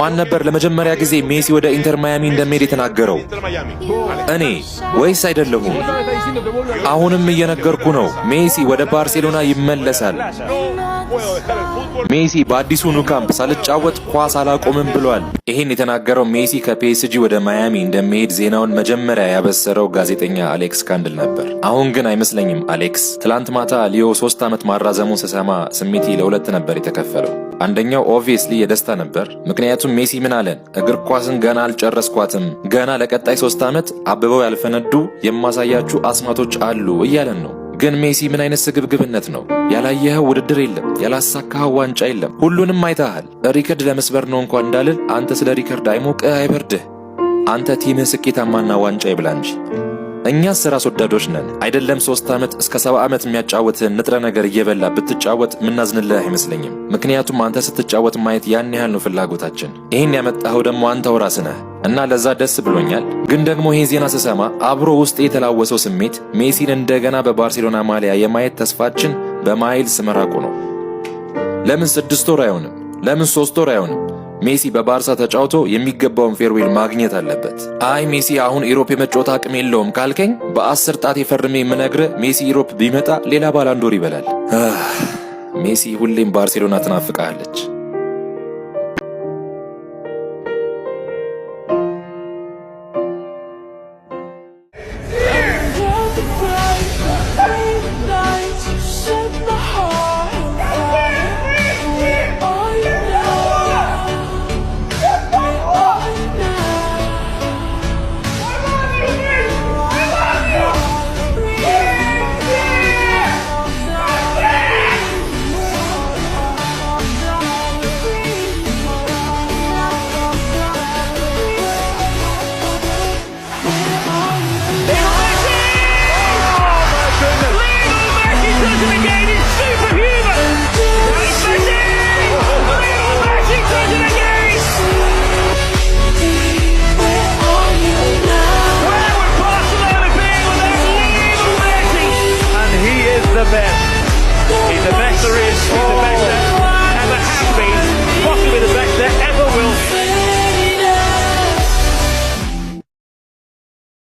ማን ነበር ለመጀመሪያ ጊዜ ሜሲ ወደ ኢንተር ማያሚ እንደሚሄድ የተናገረው? እኔ ወይስ አይደለሁም? አሁንም እየነገርኩ ነው። ሜሲ ወደ ባርሴሎና ይመለሳል። ሜሲ በአዲሱ ኑካምፕ ሳልጫወት ኳስ አላቆምም ብሏል። ይህን የተናገረው ሜሲ ከፒኤስጂ ወደ ማያሚ እንደሚሄድ ዜናውን መጀመሪያ ያበሰረው ጋዜጠኛ አሌክስ ካንድል ነበር። አሁን ግን አይመስለኝም አሌክስ። ትላንት ማታ ሊዮ ሶስት ዓመት ማራዘሙን ስሰማ ስሜቴ ለሁለት ነበር የተከፈለው። አንደኛው ኦብቪየስሊ የደስታ ነበር። ምክንያቱም ሜሲ ምን አለን? እግር ኳስን ገና አልጨረስኳትም፣ ገና ለቀጣይ ሶስት ዓመት አብበው ያልፈነዱ የማሳያችሁ አስማቶች አሉ እያለን ነው። ግን ሜሲ ምን አይነት ስግብግብነት ነው? ያላየኸው ውድድር የለም፣ ያላሳካኸው ዋንጫ የለም። ሁሉንም አይተሃል። ሪከርድ ለመስበር ነው እንኳ እንዳልል አንተ ስለ ሪከርድ አይሞቅህ አይበርድህ። አንተ ቲምህ ስኬታማና ዋንጫ ይብላ እንጂ እኛስ ራስ ወዳዶች ነን አይደለም። ሶስት ዓመት እስከ ሰባ ዓመት የሚያጫወትህን ንጥረ ነገር እየበላ ብትጫወት ምናዝንልህ አይመስለኝም። ምክንያቱም አንተ ስትጫወት ማየት ያን ያህል ነው ፍላጎታችን። ይህን ያመጣኸው ደግሞ አንተው ራስህ ነህ እና ለዛ ደስ ብሎኛል። ግን ደግሞ ይሄ ዜና ስሰማ አብሮ ውስጥ የተላወሰው ስሜት ሜሲን እንደገና በባርሴሎና ማሊያ የማየት ተስፋችን በማይልስ መራቁ ነው። ለምን ስድስት ወር አይሆንም? ለምን ሶስት ወር አይሆንም? ሜሲ በባርሳ ተጫውቶ የሚገባውን ፌርዌል ማግኘት አለበት። አይ ሜሲ አሁን ኢሮፕ የመጫወት አቅም የለውም ካልከኝ በአስር ጣት የፈርሜ የምነግረ ሜሲ ኢሮፕ ቢመጣ ሌላ ባላንዶር ይበላል። ሜሲ ሁሌም ባርሴሎና ትናፍቃለች።